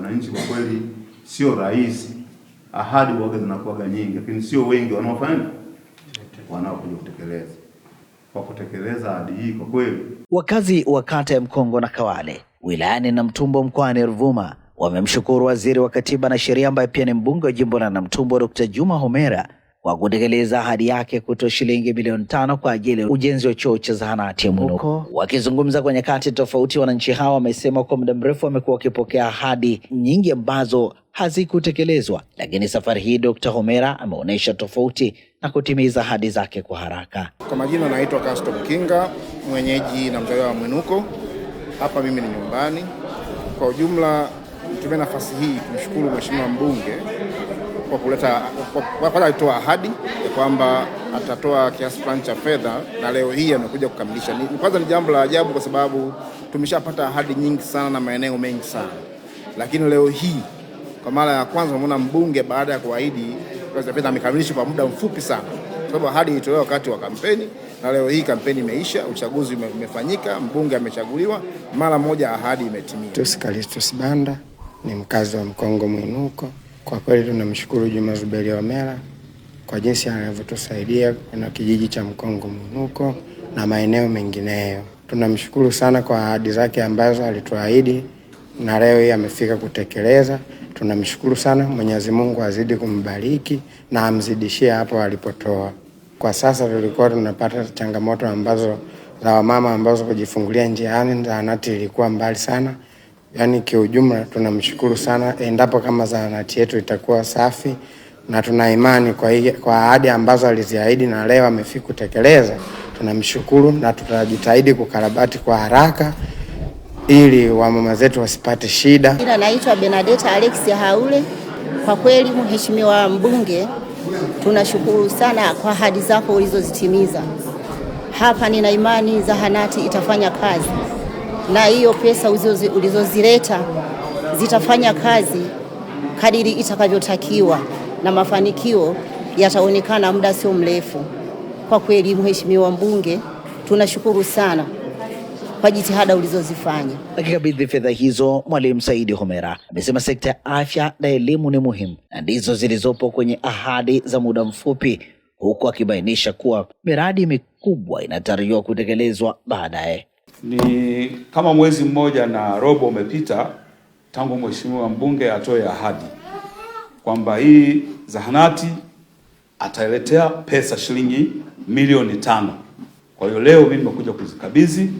wananchi kwa kweli sio rahisi. Ahadi huwaga zinakuwaga nyingi, lakini sio wengi wanaofanya wanaokuja kutekeleza. Kwa kutekeleza ahadi hii kwa kweli, wakazi wa kata ya Mkongo na Kawale wilayani Namtumbo mkoani Ruvuma wamemshukuru Waziri wa Katiba na Sheria ambaye pia ni mbunge wa jimbo la Namtumbo Dr. Juma Homera kwa kutekeleza ahadi yake kutoa shilingi milioni tano kwa ajili ya ujenzi wa chuo cha zahanati ya Mwinuko. Wakizungumza kwa nyakati tofauti, wananchi hawa wamesema kwa muda mrefu wamekuwa wakipokea ahadi nyingi ambazo hazikutekelezwa, lakini safari hii Dkt. Homera ameonyesha tofauti na kutimiza ahadi zake kwa haraka. Kwa majina naitwa Kasto kinga mwenyeji na mzaliwa wa Mwinuko. Hapa mimi ni nyumbani. Kwa ujumla Nitumia nafasi hii kumshukuru Mheshimiwa mbunge kwa kuleta kwa alitoa ahadi ya kwamba atatoa kiasi fulani cha fedha na leo hii amekuja kukamilisha. Ni kwanza ni jambo la ajabu, kwa sababu tumeshapata ahadi nyingi sana na maeneo mengi sana, lakini leo hii kwa mara ya kwanza tunamwona mbunge baada ya kuahidi fedha amekamilisha kwa muda mfupi sana, sababu ahadi ilitolewa wakati wa kampeni na leo hii kampeni imeisha, uchaguzi umefanyika, mbunge amechaguliwa, mara moja ahadi imetimia ni mkazi wa Mkongo Mwinuko. Kwa kweli tunamshukuru Juma Zuberi Homera kwa jinsi anavyotusaidia na kijiji cha Mkongo Mwinuko na maeneo mengineyo. Tunamshukuru sana kwa ahadi zake ambazo alituahidi na leo hii amefika kutekeleza. Tunamshukuru sana. Mwenyezi Mungu azidi kumbariki na amzidishie hapo alipotoa. Kwa sasa tulikuwa tunapata changamoto ambazo za wamama ambazo kujifungulia njiani, zahanati ilikuwa mbali sana yani kiujumla tunamshukuru sana, endapo kama zahanati yetu itakuwa safi, na tuna imani kwa, kwa ahadi ambazo aliziahidi na leo amefika kutekeleza. Tunamshukuru na tutajitahidi kukarabati kwa haraka ili wamama zetu wasipate shida. Jina naitwa Benadeta Alex Haule. Kwa kweli, mheshimiwa mbunge, tunashukuru sana kwa ahadi zako ulizozitimiza hapa. Nina imani zahanati itafanya kazi na hiyo pesa ulizozileta zitafanya kazi kadiri itakavyotakiwa na mafanikio yataonekana muda sio mrefu. Kwa kweli, Mheshimiwa Mbunge, tunashukuru sana kwa jitihada ulizozifanya. Akikabidhi fedha hizo, Mwalimu Saidi Homera amesema sekta ya afya na elimu ni muhimu na ndizo zilizopo kwenye ahadi za muda mfupi, huku akibainisha kuwa miradi mikubwa inatarajiwa kutekelezwa baadaye. Ni kama mwezi mmoja na robo umepita tangu mheshimiwa mbunge atoe ahadi kwamba hii zahanati ataletea pesa shilingi milioni tano. Kwa hiyo leo mimi nimekuja kuzikabidhi.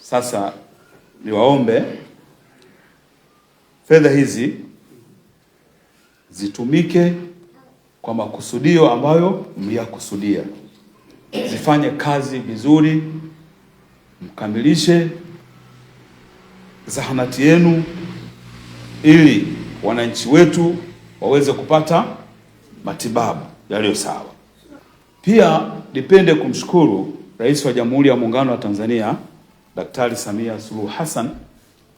Sasa niwaombe fedha hizi zitumike kwa makusudio ambayo mliyakusudia, zifanye kazi vizuri mkamilishe zahanati yenu ili wananchi wetu waweze kupata matibabu yaliyo sawa. Pia nipende kumshukuru Rais wa Jamhuri ya Muungano wa Tanzania Daktari Samia Suluhu Hassan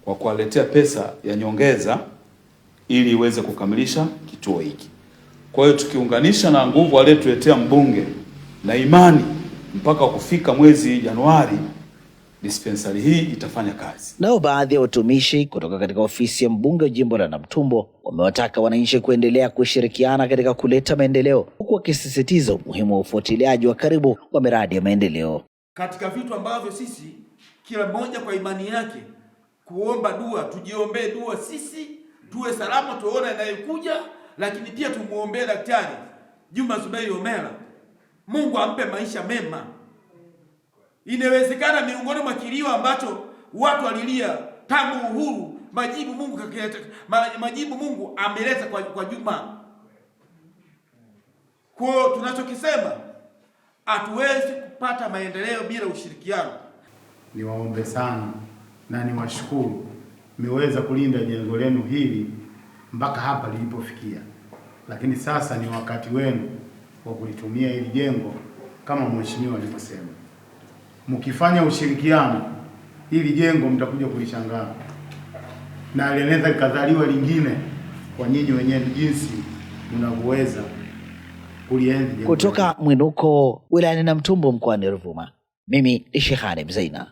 kwa kuwaletea pesa ya nyongeza ili iweze kukamilisha kituo hiki. Kwa hiyo tukiunganisha na nguvu aliyetuletea mbunge na imani mpaka kufika mwezi Januari dispensari hii itafanya kazi. Nao baadhi ya watumishi kutoka katika ofisi ya mbunge wa jimbo la Namtumbo wamewataka wananchi kuendelea kushirikiana katika kuleta maendeleo, huku wakisisitiza umuhimu wa ufuatiliaji wa karibu wa miradi ya maendeleo katika vitu ambavyo sisi kila mmoja kwa imani yake kuomba dua, tujiombee dua sisi tuwe salama, tuone anayekuja, lakini pia tumuombee Daktari Juma Zuberi Homera, Mungu ampe maisha mema Inawezekana miongoni mwa kilio ambacho watu walilia tangu uhuru, majibu Mungu kakileta, majibu Mungu ameleta kwa, kwa Juma. Kwa tunachokisema hatuwezi kupata maendeleo bila ushirikiano. Niwaombe sana na niwashukuru, mmeweza kulinda jengo lenu hili mpaka hapa lilipofikia, lakini sasa ni wakati wenu wa kulitumia hili jengo kama mheshimiwa alivyosema mkifanya ushirikiano, ili jengo mtakuja kulishangaa na linaweza likazaliwa lingine kwa nyinyi wenyewe jinsi mnavyoweza kulienzi. Kutoka Mwinuko wilayani Namtumbo mkoani Ruvuma, mimi ni Shehani Mzaina.